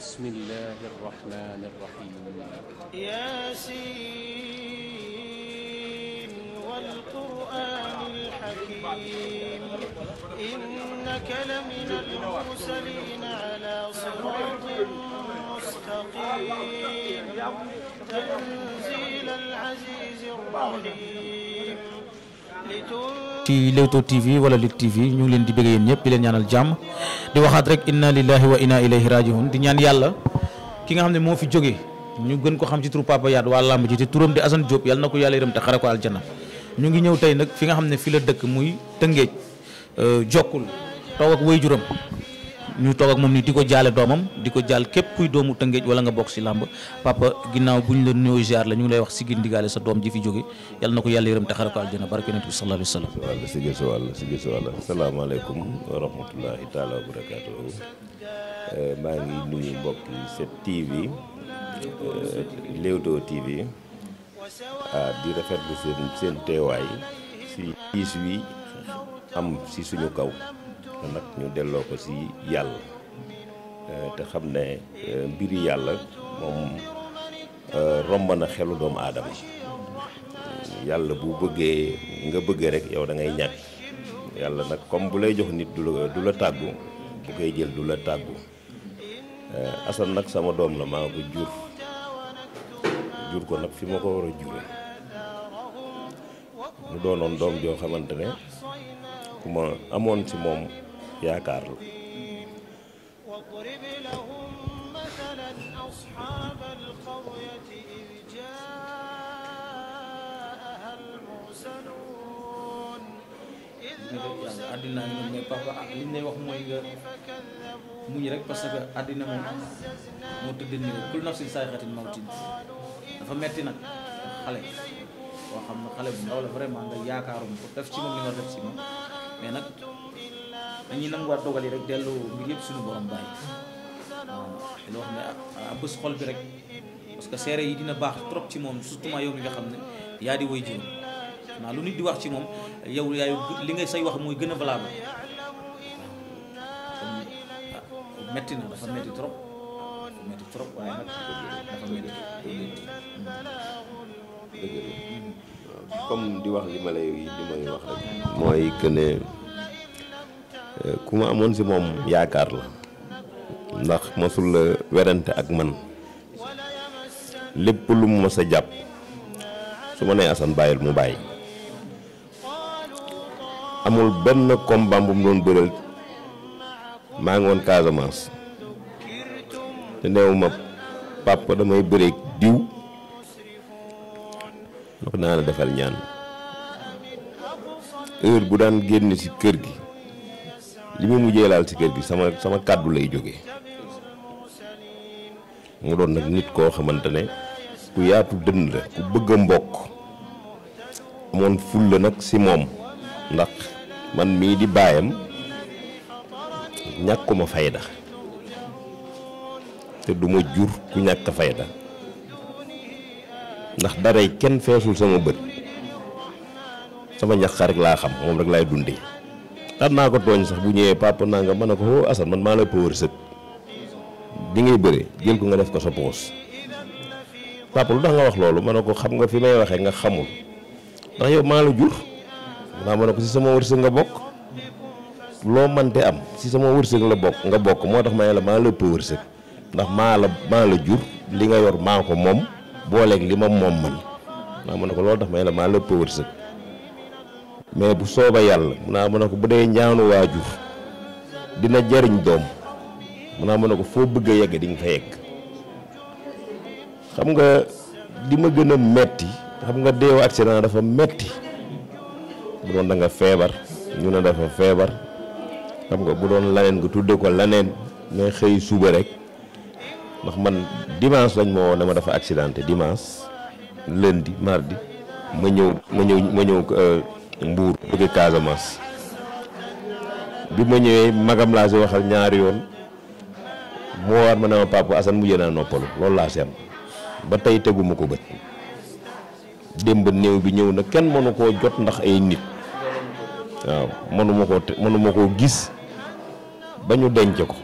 بسم الله الرحمن الرحيم ياسين والقرآن الحكيم إنك لمن المرسلين على صراط مستقيم تنزيل العزيز الرحيم ci Leewtoo TV wala Lutte TV ñu ngi leen di bëgg yéen ñëpp di leen ñaanal jàmm di waxaat rek inna lillahi wa inna ilayhi rajiun di ñaan yàlla ki nga xam ne moo fi jógee ñu gën ko xam ci turu Papa Yade waa làmb ji te turam di Assane Diop yàlla na ko yàlla yërëm te xare ko aljana ñu ngi ñëw tey nag fi nga xam ne fi la dëkk muy Tëngéej euh, jokkul toog ak waajuram ñu toog ak moom ni di ko jaale doomam di ko jaal képp kuy doomu tëngéej wala nga bokk si làmb papa ginnaaw bu ñu la nuyoo ziar la ñu ngi lay wax sigil sa doom ji fi jóge na ko yàlla yërëm te xare ko aljana barke yonent bi sallallahu alayhi wa sallam wàll sigil si wàll sigil si wàll asalaamaaleykum wa eh, ngi nuyu mbokk yi 7TV eh, Leewtoo TV ah di rafetlu seen si wi am si suñu kaw nag ñu delloo ko si yàlla eh, te xam ne eh, mbiri yàlla moom eh, romb na xelu doomu aadama yàlla bu bëggee nga bëggee rek yow dangay ngay ñàkk yàlla nag comme bu lay jox nit du la tàggu bu koy jël du la tàggu Assane nag sama doom la maa ko jur jur ko nag fi ma ko war a jure mu doonoon doom joo xamante ne ku amoon ci moom yaakaar la àddina moom mais papa li ñu lay wax mooy nga muñ rek parce que àddina moom moo tëdd nii kul nafsin saayxatin mawtin dafa metti nag xale boo xam ne xale bu ndaw la vraiment nga yaakaarum ko def ci moom li nga def ci moom mais nag dañuy nanguwaat dogal rek delloo mbir yëpp suñu borom bàyyi waaw loo xam ah, ah, xol bi rek parce que seere yi dina baax trop ci moom surtout yow mi nga xam ne yaa di woy jiw naa lu nit di wax ci moom yow yaay li nga say wax mooy gën a valable waaw ah, metti na dafa metti trop dafa metti trop waaye nag dafa metti mm. dëgg la comme di wax li ma lay li may wax rek mooy que ne ku ma amoon si moom yaakaar la ndax masul la werante ak man lépp lu mu mës a jàpp su ma nee Assane bàyyil mu bàyyi amul benn combat bu mu doon bëreel maa ngi woon Casamance te neewu ma papa damay bëreeg diw ndax naa la defal ñaan heure bu daan génn ci kër gi li mu mujjee laal ci kër gi sama kàddu lay jóge mu doon nag nit koo xamante ne ku yaatu dënn la ku bëgg mbokk amoon fulla nag si moom ndax man mii di baayam ñàkkuma fayda te duma jur ku ñàkk fayda ndax daray kenn feesul sama bët sama ñax rek laa xam moom rek laay dundee daan naa ko tooñ sax bu ñëwee papa naa nga mën na ko foo oh, Assane man maa lay power sët ngay bëre jël ko nga def ko sa poos papa lu tax nga wax loolu man ne ko xam nga fi may waxee nga xamul ndax yow maa la jur ne ko si sama wërsëg nga bokk loo mante am si sama wërsëg la bokk nga bokk moo tax ma ne maa la power sët ndax maa la maa la jur li nga yor maa ko moom booleeg li ma moom man maa ma ne ko loolu tax ma la maa la power sët mais bu sooba yàlla mun naa mën a ko bu dee ñaanu waajur dina jariñ doom mun naa mën a ko foo bëgg a yegg di nga fa yegg xam nga di ma gën a metti xam nga deewu accident dafa metti bu doon da nga feebar ñu ne dafa feebar xam nga bu doon laneen nga tudde ko laneen mais xëy suba rek ndax man dimanche lañ ma woo ne ma dafa accidenté dimanche lundi mardi ma ñëw ma ñëw ma ñëw euh, Mbour jóge Casamance bi ma ñëwee magam laa si waxal ñaari yoon moo war ma ne ma papa Assane mujjee naa noppalu loolu laa si am ba tey teguma ko bët démb néew bi ñëw nag kenn mënu koo jot ndax ay nit waaw mënuma koo mënuma koo gis ba ñu denc ko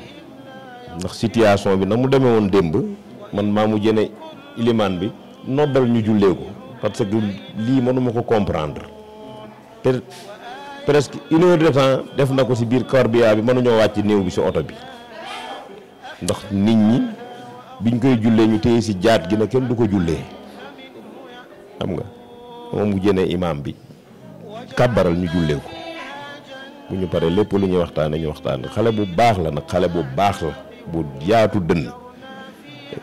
ndax situation bi na mu demee woon démb man maa mu jëne ilimaan bi noddal ñu jullee ko parce que lii mënuma ko comprendre te presque une heure de def na ko si biir corbillard bi mënuñoo wàcc néew bi si oto bi ndax nit ñi biñ koy jullee ñu téye si jaat gi na kenn du ko jullee xam nga moom mu jënee imaam bi kàbbaral ñu jullee ko bu ñu paree lépp lu ñuy waxtaanee ñu waxtaan xale bu baax la nag xale bu baax la bu yaatu dënn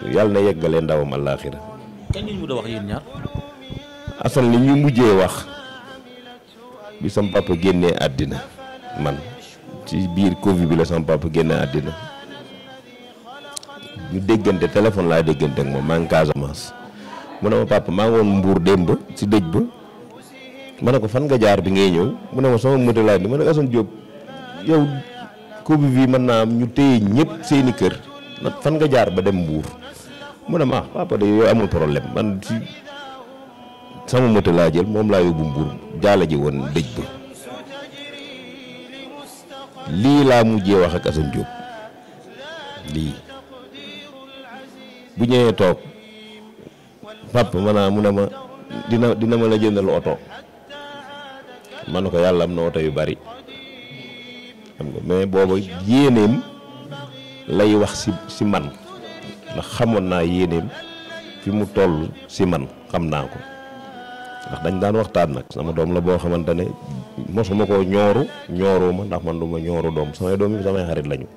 yàlla na yeggalee ndawam àllaaxira kañ asan li ñu mujjee wax. bi sama papa génnee àddina man ci biir Covid bi la sama papa àddina ñu déggante téléphone laa déggante ak moom maa ngi Casamance mu ne ma papa maa ngi woon Mbour démb ci dëj ba ma ne ko fan nga jaar bi ngay ñëw mu ne ma sama moto ni ma ne Assane Diop yow Covid bi mën naa am ñu téye ñëpp seeni kër fan nga jaar ba dem Mbour mu ne ma ah, papa de yooyu amul problème man ci sama moto laa jël moom laa yóbbu Mbour jaala ji woon dëj ba lii laa mujjee wax ak Assane Diop lii bu ñëwee toog papa ma mu ne ma dina dina ma la jëndal oto ma ko yàlla am na oto yu bari xam nga mais boobu yéeneem lay wax si si man ndax xamoon naa yéeneem fi mu toll si man xam naa ko. ndax dañ daan waxtaan nag sama doom la boo xamante ne mosuma koo ñooru ñooru ma ndax man du ma ñooru doom samay doom yi samay xarit lañu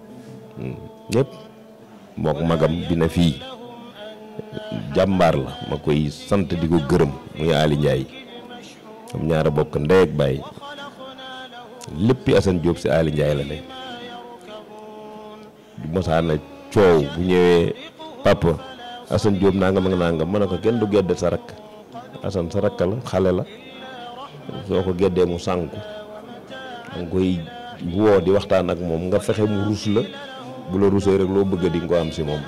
hmm. ñëpp mook magam dina fii jàmbaar la ma koy sant di ko gërëm muy Aly Ndiaye bokk ndey ak baay léppi Assane si Aly Ndiaye la ne du mosaana coow bu ñëwee papa Assane Diop nangam ak nangam mën na ko kenn du gedd sa rakk Assane sa rakk la xale la soo ko geddee mu sànku danga koy woo di waxtaan ak moom nga fexe mu rus la bu la rusee rek loo bëgg di nga ko am si moom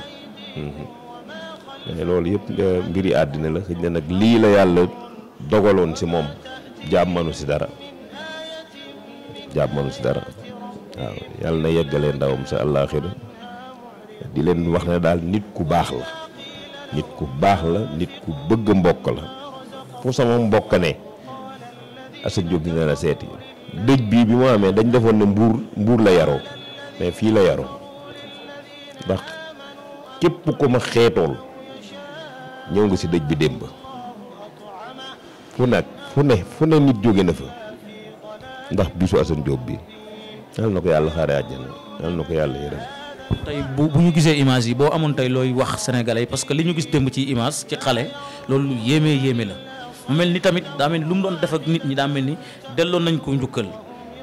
mais mm-hmm. loolu yëpp eh, mbiri àddina la xëj na nag lii la yàlla dogaloon si moom jaab manu si dara jaab si dara waaw yàlla na yeggalee ndawam sa àllaaxira di leen wax ne daal nit ku baax la nit ku baax la nit ku bëgg mbokk la fu sama mbokk ne Assane Diop dina la seeti dëj bii bi mu amee dañ defoon ne mbuur mbuur la yaroo mais fii la yaroo ndax képp ko ma xeetool ñëw nga si dëj bi démb fu nag fu ne fu ne nit jóge na fa ndax bisu Assane Diop bi yal na ko yàlla xaare àjjana yal na ko yàlla yërëm tey bu bu ñu gisee image yi boo amoon tey looy wax sénégalais parce que li ñu gis démb ci image ci xale loolu yéeme yéeme la mel ni tamit daa mel lu mu doon def ak nit ñi daa mel ni delloon nañ ko njukkal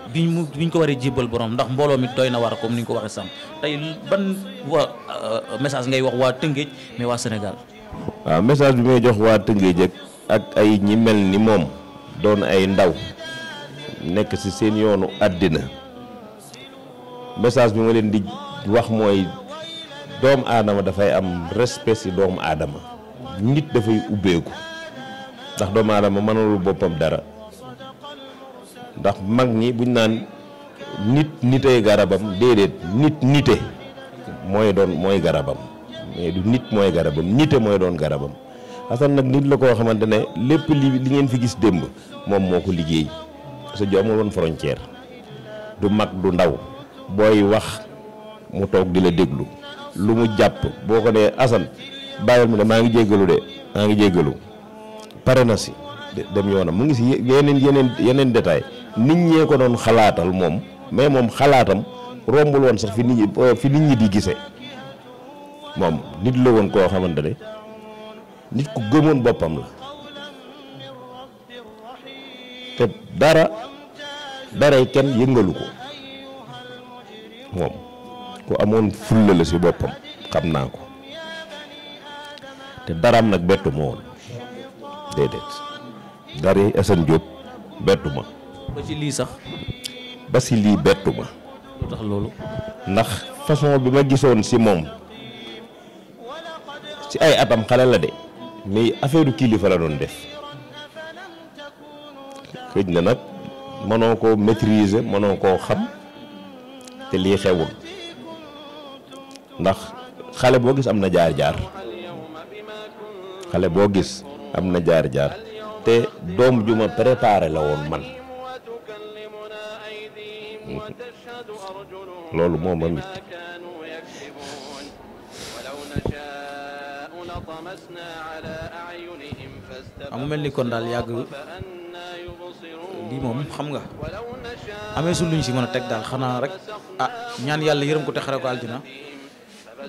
biñ mu biñ ko waree jébbal borom ndax mbooloo mi doy na war comme ni ñu waxee sànq tey ban waa euh, message ngay wax waa Tëngéej mais waa message bi may jox waa Tëngéej ak ay ñi mel ni moom doon ay ndaw nekk ci seen yoonu àddina message bi ma leen di wax mooy doomu aadama dafay am respect ci doomu aadama nit dafay ubbeeku. ndax doomu aadama mënul boppam dara ndax mag ñi buñ naan nit nitay garabam déedéet nit nite mooy doon mooy garabam mais du nit mooy garabam nite mooy doon garabam Assane nag nit la koo xamante ne lépp li li ngeen fi gis démb moom moo ko liggéey parce que amul woon frontière du mag du ndaw booy wax mu toog di la déglu lu mu jàpp boo ko nee asan bàyyil mu ne maa ngi jéggalu de maa ngi jéggalu pare na si dem yoonam mu ngi si yeneen yeneen yeneen nit ñee ko doon xalaatal moom mais moom xalaatam rombul woon sax fi nit ñi euh, fi nit di gisee moom nit la woon koo xamante ne nit ku gëmoon boppam la te dara daray kenn yëngalu ko moom ku amoon fulla si boppam xam naa ko te daraam nag bettu ma déedéet Ngari Assane Diop bettu ma. ba ci lii sax. ba si lii bettu loolu. ndax façon bi ma gisoon si moom si ay atam xale la de mais affaire kilifa la doon def xëj na nag mënoo koo maîtriser mënoo koo xam te lii xewul ndax xale boo gis am na jaar-jaar xale boo gis. am na jaar-jaar te doom ju ma préparé la woon man mm-hmm. loolu moo ma mit amu mel ni kon daal yàgg lii moom xam nga amee su luñ si mën a teg daal xanaa rek ah ñaan yàlla yërëm ko te xare ko aljina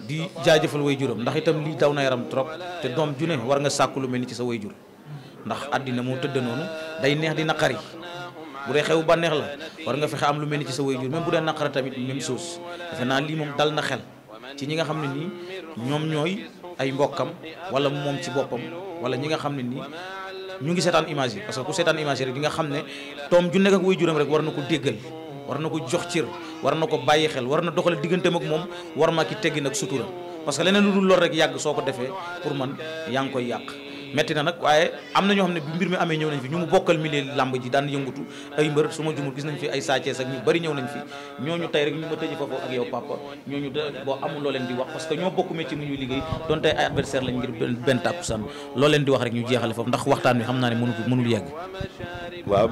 di jaajëfal way juram ndax itam lii daw na yaram trop te doom ju ne war nga sàkku lu mel ni ci sa way jur ndax àddina moo tëdd noonu day neex di naqari bu dee xew neex la war nga fexe am lu mel ni ci sa way jur même bu dee naqara tamit même chose defe naa lii moom dal na xel ci ñi nga xam ne nii ñoom ñooy ay mbokkam wala moom ci boppam wala ñi nga xam ne nii ñu ngi seetaan image yi parce que ku seetaan image rek di nga xam ne doom ju nekk ak way rek war na ko déggal war na ko jox cër war na ko bàyyi xel war na doxale digganteem ak moom war ma i teggi nag sutura parce que leneen lu dul lor rek yàgg soo ko defee pour man yaa koy yàq metti na nag waaye am na ñoo xam ne bi mbir mi amee ñëw nañ fi ñu mu bokkal milieu làmb ji daan yëngutu ay mbër su ma jumul gis nañ fi ay nañ fi ñooñu ñu ma tëjee foofu ak yow papa ñooñu de boo amul loo leen di wax parce que ñoo bokk métier mu ñuy liggéey doon ay adversaire lañ ngir benn tàkkusaan loo leen di wax rek ñu jeexale foofu ndax waxtaan wi xam naa ne mënul mënul yegg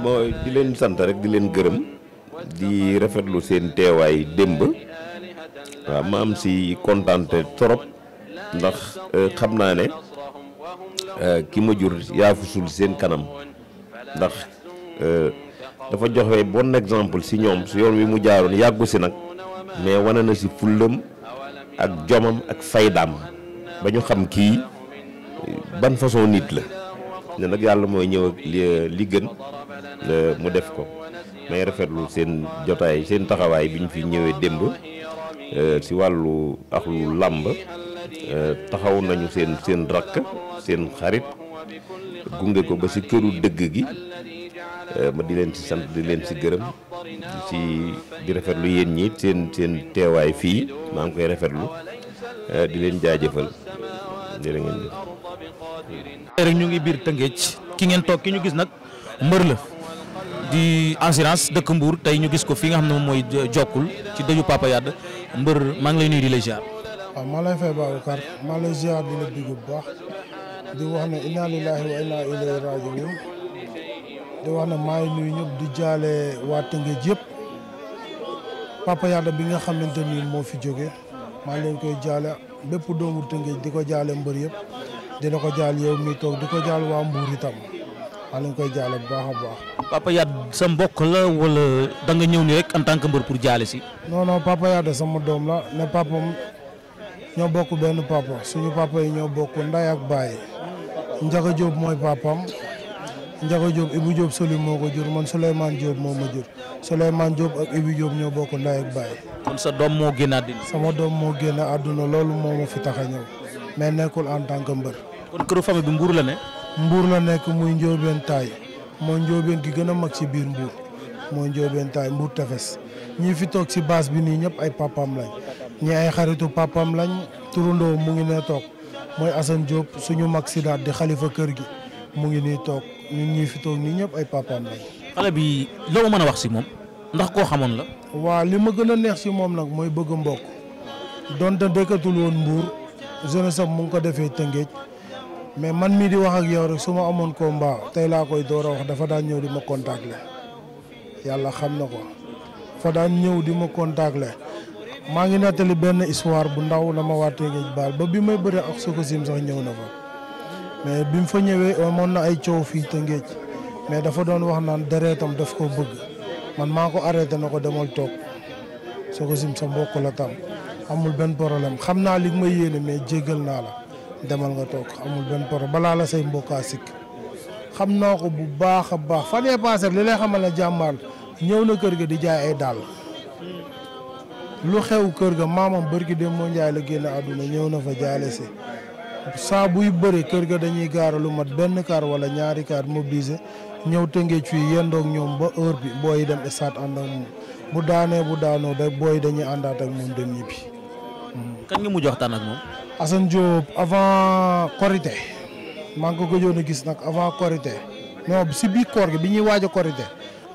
boo di leen sant rek di leen gërëm di rafetlu seen teewaay démb waaw ma am si kontante torop ndax euh, xam naa ne euh, ki ma jur yaafusul seen kanam ndax euh, dafa joxe bon exemple si ñoom si yoon wi mu jaaroon yàggu si nag mais wane na si fullam ak jomam ak faydaam ba ñu xam kii ban façon nit la ne nag yàlla mooy ñëw ak li gën mu def ko may rafetlu seen jotaay seen taxawaay bi ñu fi ñëwee démb euh, si wàllu ak lu làmb euh, taxaw nañu seen seen rakk seen xarit gunge ko ba si këru dëgg gi euh, di leen si sant di leen si gërëm si di rafetlu yéen ñi seen seen teewaay fii maa ngi koy rafetlu di leen jaajëfal jërë ngeen jëf. ñu ngi biir Tëngéej ki ngeen toog ki ñu gis nag mbër la. di assurance dëkk mbuur tey ñu gis ko fi nga xam ne moom mooy jokkul ci dëju Papa Yade mbër maa ngi lay nuyu di la ziar. waaw maa lay fay Babacar maa lay ziar di la digg bu baax di wax ne inna lillahi maa ngi di jaale waa Tëngéej yëpp Papa Yade bi nga xamante ni moo fi jóge maa ngi leen koy jaale bépp doomu Tëngéej di ko jaale mbër yëpp dina ko jaal yow mi toog di ko jaal waa Mbour itam. waa maa ngi koy jaale bu baax a baax. Papa Yade sa mbokk la wala da nga ñëw ni rek en tant que mbër pour jaale si. non non Papa Yade sama doom la ne papam ñoo bokk benn papa suñu papa yi ñoo bokk nday ak baay Ndiaga Diop mooy papam Ndiaga Diop Ibou Diop Soli moo ko jur man Souleymane moo ma jur Souleymane ak Ibou Diop bokk nday ak moo génn sama doom moo génn àdduna loolu moo ma fi tax a ñëw mais nekkul en tant que mbër. la ne. mbuur la nekk muy njóobeen taay mooy njóobeen gi gën a mag ci biir mbuur mooy njóobeen taay mbuur tefes ñi fi toog si baas bi nii ñëpp ay papaam lañ ñi ay xaritu papaam lañ turandoo mu ngi ne toog mooy Assane Diop suñu mag sidaat di xalifa kër gi mu ngi nii toog ñu ñii fi toog nii ñëpp ay papaam lañ. xale bi loo mën a wax si moom ndax koo xamoon la. waa li ma gën a neex si moom nag mooy bëgg mbokk doonte dëkkatul woon mbuur jeunesse am mu ngi ko defee tëngéej mais man mii di wax ak yow rek su ma amoon combat tey laa koy door a wax dafa daan ñëw di ma contacter yàlla xam na ko dafa daan ñëw di ma contacter maa ngi nettali benn histoire bu ndaw la ma waatee géej baal ba bi may bëre ak Sococim sax ñëw na ko mais bi mu fa ñëwee amoon na ay coow fii te ngéej mais dafa doon wax naan dereetam daf ko bëgg man maa ko arrêté na ko demal toog Sococim sa mbokk la tam amul benn problème xam naa li may yéene mais jéggal naa la. demal nga toog amul benn problème balaa la say mbokkaa sikk xam naa ko bu baax a baax fan yee passé li lay xamal na jàmbaar ñëw na kër ga di jaay ay dàll lu xew kër ga maamam bërki dem moo njaay la génn àdduna ñëw na fa jaale si saa buy bëri kër ga dañuy gaaralu lu mat benn kaar wala ñaari kaar mobilisé ñëw tëngee ci yendoog ñoom ba heure bi booy dem stade ànd ak moom bu daanee bu daanoo da booy dañuy àndaat ak moom dem ñibbi. kan Assane Diop avant Korité maa ngi ko gëjoon a gis nag avant Korité non si biir koor gi bi ñuy waaj a Korité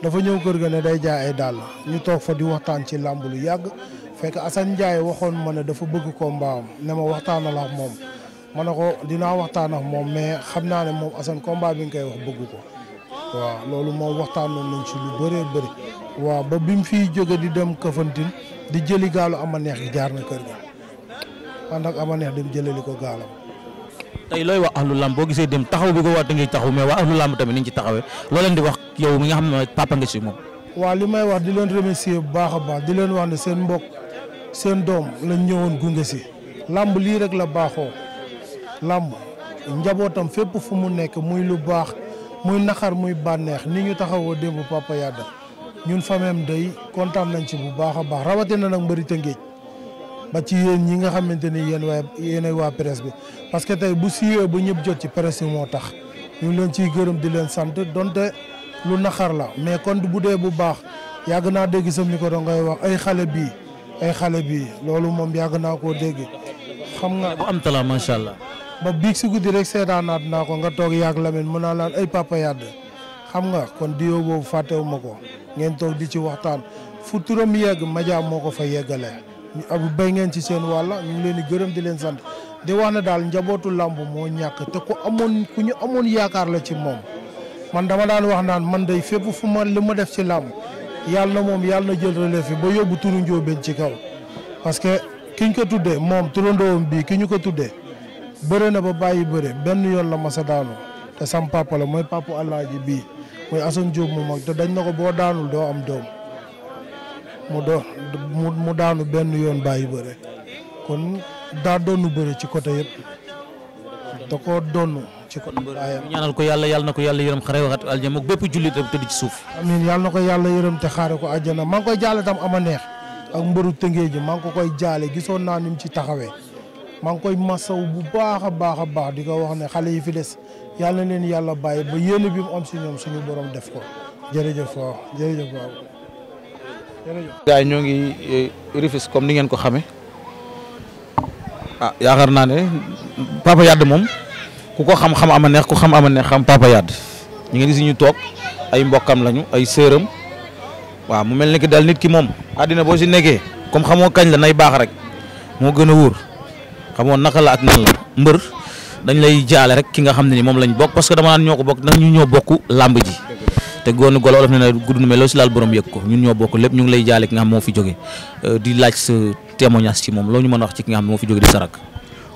dafa ñëw kër ga ne day jaay ay dàll ñu toog fa di waxtaan ci làmb lu yàgg fekk Assane Ndiaye waxoon ma ne dafa bëgg ko mbaam ne ma waxtaan a ak moom ma ne ko dinaa waxtaan ak moom mais xam naa ne moom Assane combat bi nga koy wax bëgg ko waaw loolu moom waxtaanoon nañ ci lu bëree bëri waaw ba bi mu fiy jóge di dem Kafountine di jëli gaalu ama neex gi jaar na kër ga ànd ak ama neex dem jëleli ko gaalam tey looy wax ahlu lamb boo gisee dem taxaw bi ko waa ngi taxaw mais waa ahlu lamb tamit ni ñu ci taxawee loo leen di wax yow mi nga xam ne papa nga si moom waaw li may wax di leen remercier bu baax baax di leen wax ne seen mbokk seen doom la ñëwoon gunge si làmb lii rek la baaxoo làmb njabootam fépp fu mu nekk muy lu baax muy naxar muy bànneex ni ñu taxawoo démb papa Yada ñun fameem day kontaan nañ ci bu baax a baax rawatina nag mbëri Tëngéej ba ci yéen ñi nga xamante ni yéen waa yéenay waa presse bi parce que tey bu siiwee bu ñëpp jot ci presse bi moo tax ñu ngi leen ciy gërëm di leen sant donte lu naxar la mais kon bu dee bu baax yàgg naa dégg ko micro ngay wax ay xale bii ay xale bii loolu moom yàgg naa ko dégg xam nga. bu am talaa macha allah. ba biig si guddi rek seetaanaat naa ko nga toog yàgg Lamine mën naa laan ay papa yàdd xam nga kon diwo boobu fàttewuma ko ngeen toog di ci waxtaan fu turam yegg Madia moo ko fa yeggalee. ab bay ngeen ci seen wàll ñu ngi leen di gërëm di leen sant di wax na daal njabootu làmb moo ñàkk te ku amoon ku ñu amoon yaakaar la ci moom man dama daan wax naan man day fépp fu ma li ma def ci làmb yàlla na moom yàlla na jël relève bi ba yóbbu turu njóobeen ci kaw parce que kiñ ko tuddee moom turandoom bii ki ñu ko tuddee bëre na ba bàyyi bëre benn yoon la masa daanu te sam papa la mooy papa alaaji bii mooy Assane Diop moom ak te dañ na ko boo daanul doo am doom mu doon mu daanu benn yoon bàyyi bëre kon daa doonu bëre ci côté yëpp da koo doonu ci côté baayam ñaanal ko yàlla yàlla na ko yàlla yërëm xare waxat aljana moom bépp jullit rek ci suuf. amiin yàlla na ko yàlla yërëm te xaare ko àjjana maa ngi koy jaale tam ama neex ak mbëru tëngee ji maa ngi ko koy jaale gisoon naa ni mu ci taxawee. maa ngi koy masaw bu baax a baax a baax di ko wax ne xale yi fi des yàlla na yàlla bàyyi ba yéene bi mu am si ñoom suñu borom def ko jërëjëf waaw jërëjëf gaay ñoo ngi eh, Rufisque comme ni ngeen ko xame a ah, yaakaar naa ne Papa Yade moom ku ko xam-xam ama neex ku xam ama neex xam Papa Yade ñi nga gis ñu toog ay mbokkam lañu ay sëram waaw mu mel ni ki daal nit ki moom àddina boo si nekkee comme xamoo kañ la nay baax rek moo gën a wóor xamoo naka la ak nan la mbër dañ lay jaale rek ki nga xam ne ni moom lañ bokk parce que dama naan ñoo ko bokk ndax ñu ñoo bokk làmb ji te goonu golo olof ne na gudd mais loo si laal borom yëg ko ñun ñoo bokk lépp ñu ngi lay jaale ki nga xam moo fi jóge euh, di laaj sa témoignage ci moom loo ñu mën wax ci ki nga xam moo fi jóge di sarak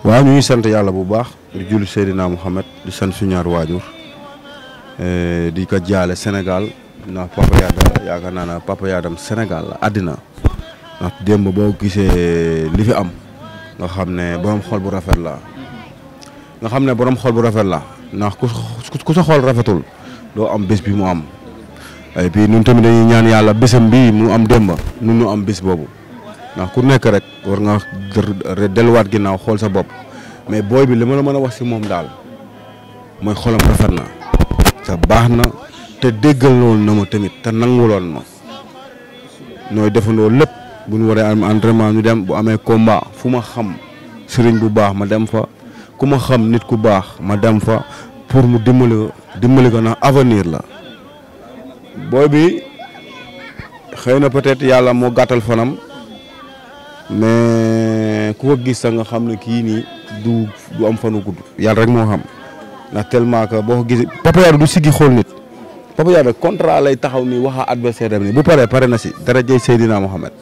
waaw ñu ngi sant yàlla bu baax di julli Seydina Mouhamed di sant suñu ñaar waajur euh, di ko jaale senegal ndax Papa Yada yaakaar naa ne Papa Yadam Sénégal àddina ndax démb boo gisee li fi am nga xam ne borom xol bu rafet la nga xam ne boroom xol bu rafet la ndax ku sa xol rafetul doo am bés bi mu am et puis ñun tamit dañuy ñaan yàlla bésam bi mu am démba nu nu am bés boobu ndax ku nekk rek war nga delluwaat ginnaaw xool sa bopp mais booy bi li ma la mën a wax si moom daal mooy xoolam rafet na sa baax na te déggaloon na ma tamit te nanguloon ma nooy defandoo lépp bu ñu waree am entraînement ñu dem bu amee combat fu ma xam sëriñ bu baax ma dem fa ku ma xam nit ku baax ma dem fa pour mu dimbali dimbali ko na avenir la booy bi xëy na peut-être yàlla moo gàttal fanam mais ku ko gis sax nga xam ne kii nii du du am fanu gudd yàlla rek moo xam ndax tellement que boo ko gis Papa Yade du siggi xool nit Papa Yade contrat lay taxaw nii waxa adversaire am nii bu paree pare na si dara jëy Seydina Mohamed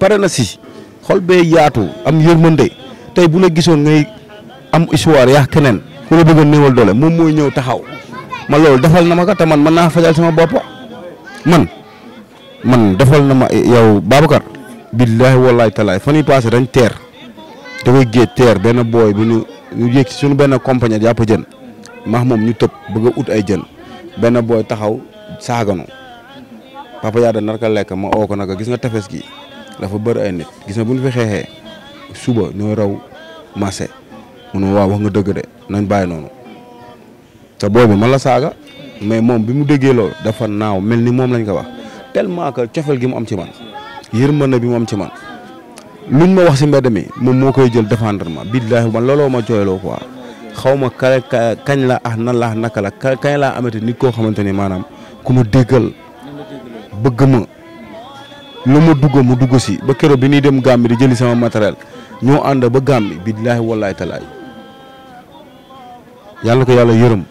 pare na si xool bee yaatu am yërmande tey bu la gisoon ngay am histoire yaa keneen ku la bëgg a néewal doole moom mooy ñëw taxaw ma loolu defal na ma ko te man mën naa fajal sama bopp man man defal na ma yow Babacar. billaahi wallaahi talaay fan yii passé dañ teer da koy benn booy bu ñu ñu yéeg suñu benn compagnie jàpp jën maax moom ñu tëb bëgg a ut ay jën benn booy taxaw saaganu papa yaa da nar ko lekk ma oo ko naka gis nga tefes gi dafa bëri ay nit gis nga bu ñu fi xeexee suba ñooy raw marché. mu ne waaw wax nga dëgg de nañ bàyyi noonu te boobu man la saaga mais moom bi mu déggee loolu dafa naaw mel ni moom lañ ko wax tellement que cofeel gi mu am ci man na bi mu am ci man luñ ma wax si mbedd mi moom moo koy jël défendre ma billaahi ma looloo ma jooyloo ko xaw ma kale kañ la ah nan la ah naka la kañ laa amati nit koo xamante ni maanaam ku ma déggal bëgg ma lu ma dugg mu dugg si ba keroog bi nuy dem Gàmbi di jëli sama matériel ñoo ànd yàlla ko yàlla yërëm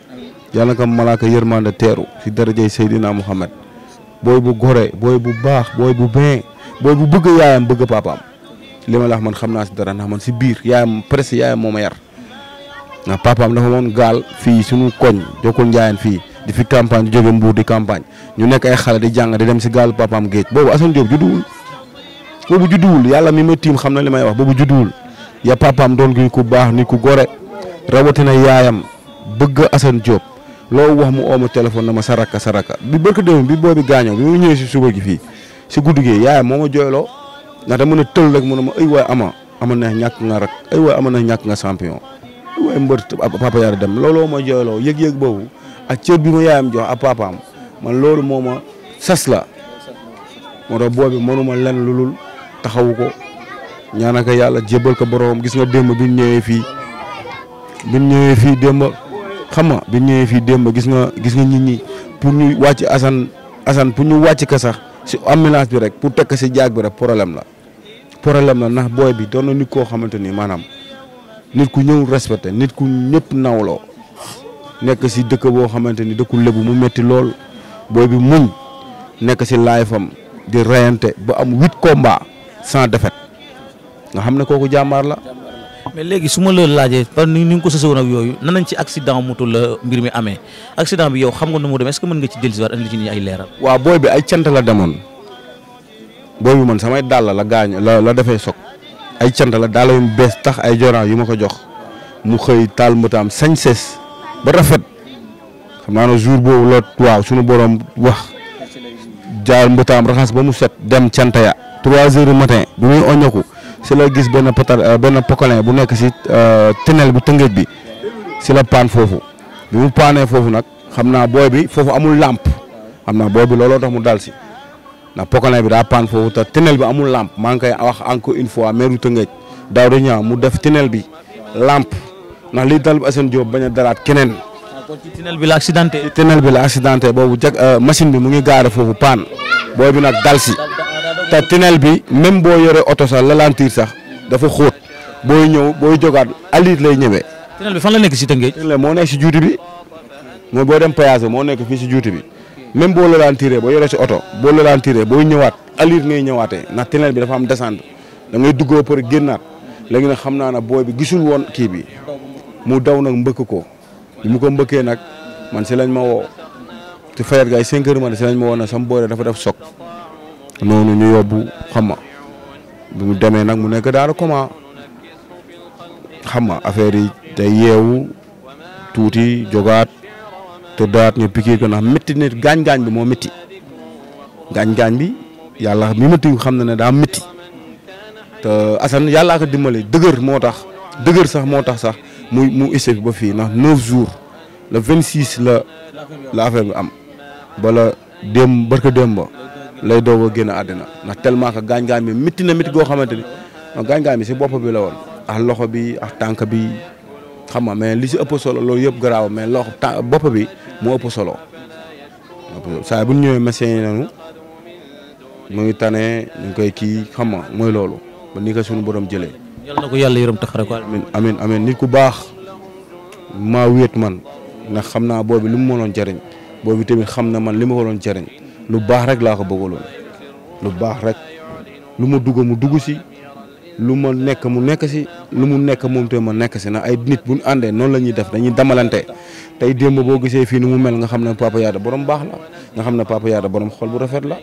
yàlla ko malaaka yërmande teeru si darajay Seydina Muhammad booy bu gore booy bu baax booy bu bien booy bu bëgg yaayam bëgg papaam li ma la man xam naa si dara ndax man si biir yaayam presque yaayam moo ma yar ndax papaam dafa moon gaal fii suñu koñ jokkul njaayeen fii di fi campagne di jóge mbuur di campagne ñu nekk ay xale di jàng di dem si gaal papaam géej boobu Assane Diop judduwul boobu yàlla mi ma tiim xam na li may wax boobu judduwul ya bëgg Assane Diop loolu wax mu ooma téléphone na ma sa rakka sa rakka bi bëkk démb bi boobi gaañoo bi mu ñëwee si suba gi fii si guddi gi yaay moo ma jooyloo ndax ma na a tël rek mu ne ma ay waay ama ama na ñàkk nga rak ay waay ama neex ñàkk nga champion ay waay mbër papa dem looloo ma jooyloo yëg-yëg boobu ak cër bi ma yaayam jox a papaam man loolu moo ma sas la moo tax boobi mënuma len lulul taxawu ko ñaanaka yàlla jébal ko boroom gis nga démb bi ñu ñëwee fii bi ñëwee xam nga bi ñëwee fii démb gis gis nga nit ñi pour ñu wàcc Assane Assane pour ñu wàcc ka sax si ambulance bi rek pour tekk si jaag bi rek problème la. problème la ndax booy bi doon na nit koo xamante ni maanaam nit ku ñëw respecté nit ku ñëpp nawloo nekk si dëkk boo xamante ni dëkku mu metti lool booy bi muñ nekk si laay fam di reyante ba am huit combats sans défaite nga xam ne kooku jàmbaar la. mais léegi su ma la laajee par ni ni nga ko sësewoon ak yooyu nan nañ ci accident moto la mbir mi amee accident bi yow xam nga nu mu demee est-ce que mën nga ci dellusiwaat andi ci nii ay la demoon bi man samay dàll la gaañ la la defee soog ay cant la dàll yu bees tax ay joran yu ma ko jox mu xëy taal motaam sañ sees ba rafet xam naa boobu la waaw suñu borom wax jaar motaam raxas ba mu set dem cant ya 3 heures matin bi muy oññeeku si la gis benn pota euh, benn pocolin bu nekk si euh, tunnel bu tëngëj bi si la paan foofu bi mu paanee foofu nag xam naa booy bi foofu amul làmp xam naa booy bi looloo tax mu dal si ndax pocolin bi daa paan foofu te tunnel bi amul làmp maa ngi koy wax encore une fois maire bu tëngëj daaw di mu def tunnel bi làmp ndax li dal Assane Diop bañ a dalaat keneen. kon ci tunnel bi la accidenté. boobu jag euh, machine bi mu ngi gaare foofu paan booy bi nag dal te tunnel bi même boo yoree oto sax lalantiir sax dafa xóot booy ñëw booy jogaat alit lay ñëwee. tunnel bi fan la nekk si Tëngéej. tunnel moo nekk si juuti bi mooy boo dem péage moo nekk fii si juuti bi même boo lalantiiree boo yoree si oto boo lalantiiree booy ñëwaat alit ngay ñëwaatee ndax tunnel bi dafa am descente da ngay duggoo pour génnaat léegi nag xam naa ne booy bi gisul woon kii bi mu daw nag mbëkk ko bi mu ko mbëkkee nag man si lañ ma woo te fayat ga ay 5 ma si lañ ma woo ne sama booy dafa def sok noonu ñu yóbbu xam ma bu mu demee nag mu nekk daal comment xam nga affaire yi day yeewu tuuti jogaat te daat ñu piqué ko ndax métti nit gaañ-gaañ bi moo métti gaañ-gaañ bi yàlla mi ma tiw xam na ne daa métti te Assane yàllaa ko dimbale dëgër moo tax dëgër sax moo tax sax mu mu échec ba fii ndax neuf jours le vingt six la la affaire bi am bala démb barka démb ba lay doog a génn àddina ndax tellement que bi métti na métti goo xamante ni gaañ-gaañ bi si bopp bi la woon ak loxo bi ak tànk bi xam nga mais li si ëpp solo loolu yëpp garaaw mais loxo tànk bopp bi moo ëpp solo saa bu ñu ñëwee médecin yi nañu mu ngi tane ñu koy kii xam nga mooy loolu ba ni ko suñu borom jëlee. yal na ko yàlla yërëm taxare ko. amiin amiin amiin nit ku baax maa wéet man ndax xam naa boobu li mu mënoon jëriñ boobu tamit xam na man li ma waroon jëriñ. lu baax rek laa ko bëggaloon lu baax rek lu ma dugg mu dugg si lu ma nekk mu nekk si lu mu nekk moom te ma nekk si na ay nit bu ñu àndee noonu la ñuy def dañuy damalante tey démb boo gisee fii nu mu mel nga xam ne Papa Yada borom baax la nga xam ne Papa Yada borom xol bu rafet la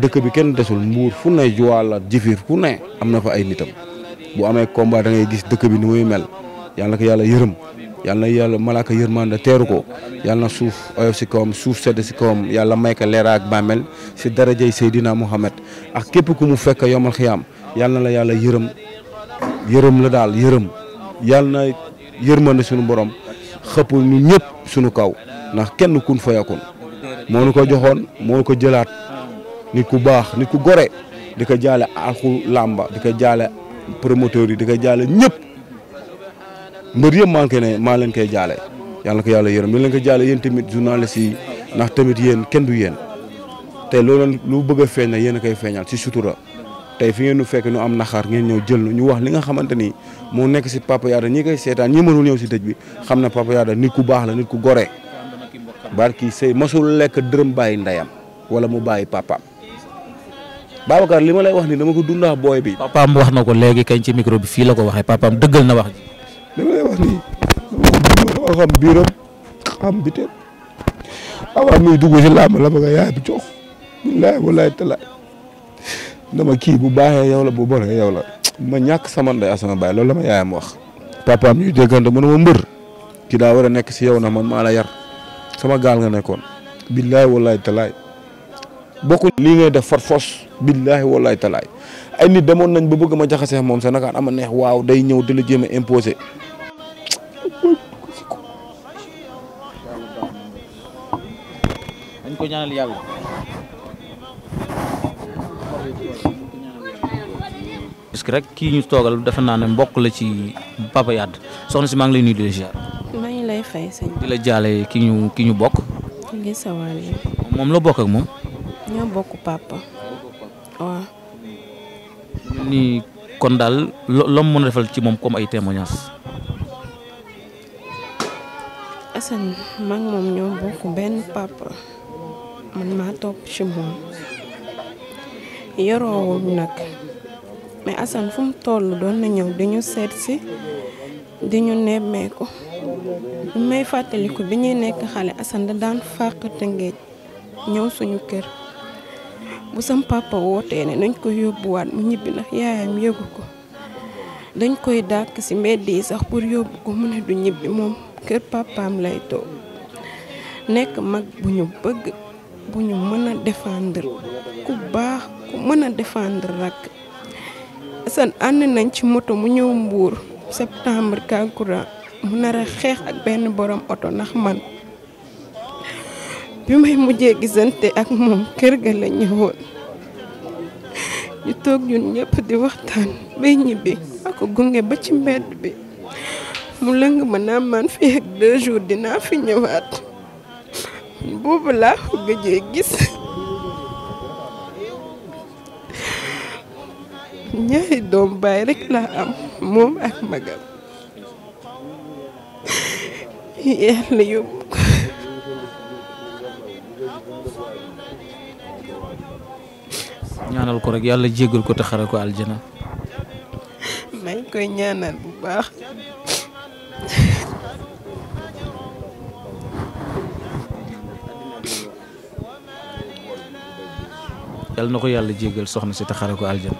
dëkk bi kenn desul mbuur fu ne Joal Jifir fu ne am na fa ay nitam boo amee combat da ngay gis dëkk bi ni muy mel yàlla ko yàlla yërëm yàlla na yàlla malaaka yërmande teeru ko yàlla na suuf oyof si kawam suuf sedd si kawam yàlla may ko leera ak bàmmeel si darajay Seydina Muhammad ak képp ku mu fekk yomal xiyaam yàlla na la yàlla yërëm yërëm la daal yërëm yàlla na yërmande suñu borom xëppu ñu ñëpp suñu kaw ndax kenn kun fayakun moo nu ko joxoon moo ko jëlaat nit ku baax nit ku gore di ko jaale aku làmba di ko jaale promoteur yi di ko jaale ñëpp mbër yëpp maa ngi koy ne maa leen koy jaale yàlla ko yàlla yërëm leen ko jaale yéen tamit journaliste yi ndax tamit yéen kenn du yéen tey loolu lu bëgg a feeñal yéen a koy feeñal si sutura tey fi ngeen nu fekk nu am naxaar ngeen ñëw jël ñu wax li nga xamante ni moo nekk si Papa Yada ñi koy seetaan ñi mënul ñëw si dëj bi xam na Papa Yada nit ku baax la nit ku gore barki sëy masul lekk dërëm bàyyi ndeyam wala mu bàyyi papaam Babacar li ma lay wax ni dama ko dundaa booy bi. papaam wax na ko léegi kañ ci micro bi fii la ko waxee papaam dëggal na wax ji. dama lay wax nii dama xam biiram xam biteem avant muy dugg si làmb la ma nga yaay jox billaay wallaay talaay dama kii bu baaxee yow la bu bonee yow la ma ñàkk sama ndey ak sama baay loolu la ma yaayam wax papaam ñuy déggante mu ne ma mbër ki daa war a nekk ci yow na man maa la yar sama gaal nga nekkoon billaay wallaay talaay bokku lii ngay def far fos billaahi wallahi talaay ay nit demoon nañ ba bëgg ma jaxasee moom sa nakaan ama neex waaw day ñëw di la jéem imposé dañ ko ñaanal parce que rek kii ñu toogal defe naa ne mbokk la ci Papa Yade soxna si maa lay nuyu di la ziar. maa lay fay la jaale ki ñu ki ñu bokk. la bokk ak moom. ñoo bokk papa. waaw. ni kon ci moom comme ay témoignages. ñoo bokk benn papa. man maa topp ci moom yoroowul nag mais Assane fu mu toll doon na ñëw di seet si di ñu nemmeeku bu may fàttaliku bi ñuy nekk xale Assane da daan fàq tëngéej ñëw suñu kër bu sam papa wootee ne nañ ko yóbbuwaat mu ñibbi ndax yaayam yëgu ko dañ koy dàkk ci mbedd yi sax pour yóbbu ko mu ne du ñibbi moom kër papaam lay toog nekk mag bu ñu bëgg bu ñu mën a ku baax ku mën a défendre rakk Assane ànd nañ ci moto mu ñëw mbuur septembre Kankura mu nar xeex ak benn borom oto ndax man bi may mujjee gisante ak moom kër ga la ñëwoon ñu toog ñun di waxtaan bay ñibbi ak gunge ba ci mbedd bi mu lëng ma naa man fii ak deux jours dinaa fi ñëwaat booba laa ko gëjee gis ñaari doom baay rek laa am moom ak magam yàlla yóbbu ñaanal ko rek yàlla jéggal ko te xare ko aljana maa koy ñaanal bu baax yàlla na ko yàlla jéggal soxna si taxare ko aljana